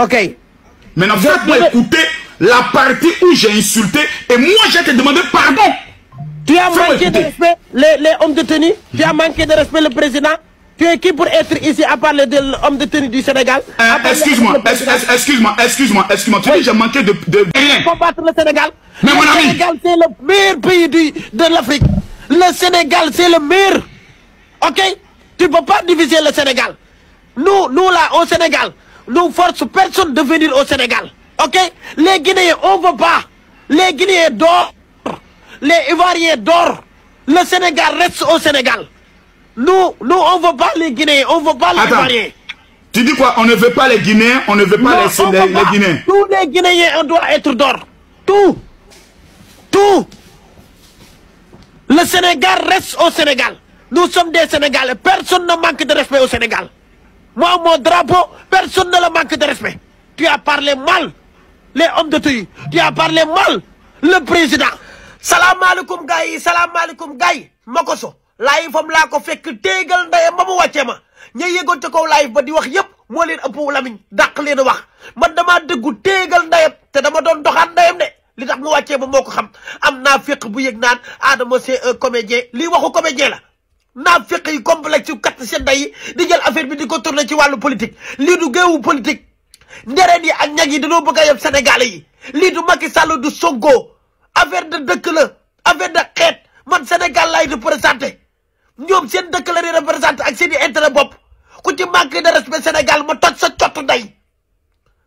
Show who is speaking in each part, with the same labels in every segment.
Speaker 1: Ok. Maintenant, faites-moi vais... écouter la partie où j'ai insulté et moi, je te demandé pardon. Tu as manqué de respect les, les, hommes de tenue Tu as manqué de respect le président Tu es qui pour être ici à parler de l'homme de tenue du Sénégal euh, Excuse-moi, excuse-moi, excuse-moi, le
Speaker 2: Sénégal. Mais le mon ami. c'est le meilleur pays de l'Afrique. Le Sénégal, c'est le meilleur. Ok Tu ne peux pas diviser le Sénégal. nous là, au Sénégal, nous force personne de venir au Sénégal. OK Les Guinéens, on ne veut pas. Les Guinéens d'or, les Ivoiriens d'or. Le Sénégal reste au Sénégal. Nous, nous on ne veut pas les Guinéens, on ne veut pas les Attends. Ivoiriens.
Speaker 1: On ne veut pas les Guinéens, on doit être
Speaker 2: d'or. Tout. Tout. Le Sénégal reste au Sénégal. Nous sommes des Sénégalais. Personne ne manque de respect au Sénégal. Moi, mon drapeau, personne ne le manque de respect. Tu as parlé mal, les hommes de tenue. Tu as parlé mal, le président. salaamaaleykum gars yi salaamaaleykum gars yi ma ko so live fam laa ko fekk téegal ndeyam ba mu wàccee ma ña yëgoon ca kaw ba di wax yëpp moo leen ëpp lamiñ dàq leen wax man damaa dëggu téegal ndeyam te dama doon doxaat ndeyam de li tax mu wàccee ma moo ko xam am naa féq bu yëg naan Adama c'est un comédien lii waxu comédien la naa fekk yi complexe yu kat sedda yi di jël affaire bi di ko tourné ci wàllu politique li du géewu politique ndereen yi ak ñag yi dañoo bëgg a yeb sénégalais yi lii du Macky Sall du Sonko affaire de dëkk la affaire de xeet man Sénégal laay représenté ñoom seen dëkk la di représenté ak seen i bopp ku ci manque de respect Sénégal ma toj sa cott ndey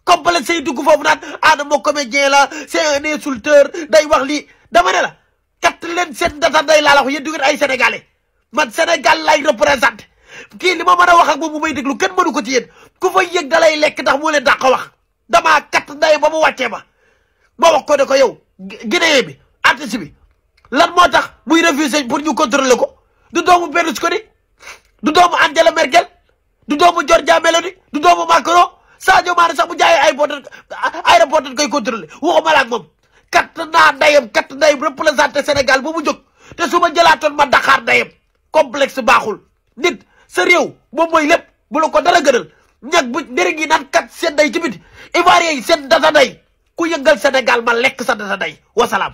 Speaker 2: complexe yi dugg foofu naan Adamo ah, comédien la c'est un day wax lii dama ne la kat leen seen data day laa la wax ay sénégalais man Sénégal lay représenté kii li ma mën a wax ak moom bu may déglu kenn mënu ko ci yéen ku fay yëg dalay lekk ndax moo leen dàq wax dama kat nday ba mu wàccee ma ma wax ko ne ko yow Guinée bi artiste bi lan moo tax muy refusé pour ñu contrôler ko du doomu Berlusconi du doomu Angela Merkel du doomu Giorgia Meloni du doomu Macron Sadio Mané sax bu jaayee aéroport aéroport dañ koy contrôler waxuma la ak moom kat naa ndayam kat ndayam représenté Sénégal ba mu jóg te su ma jëlaatoon ma Dakar ndayam complexe baaxul nit sa réew moom mooy lépp bu la ko dara gënal ñag bu njëriñ yi naan kat seen day ci biti ivoirien yi seen data day ku yëngal Sénégal
Speaker 1: ma lekk sa data day wasalaam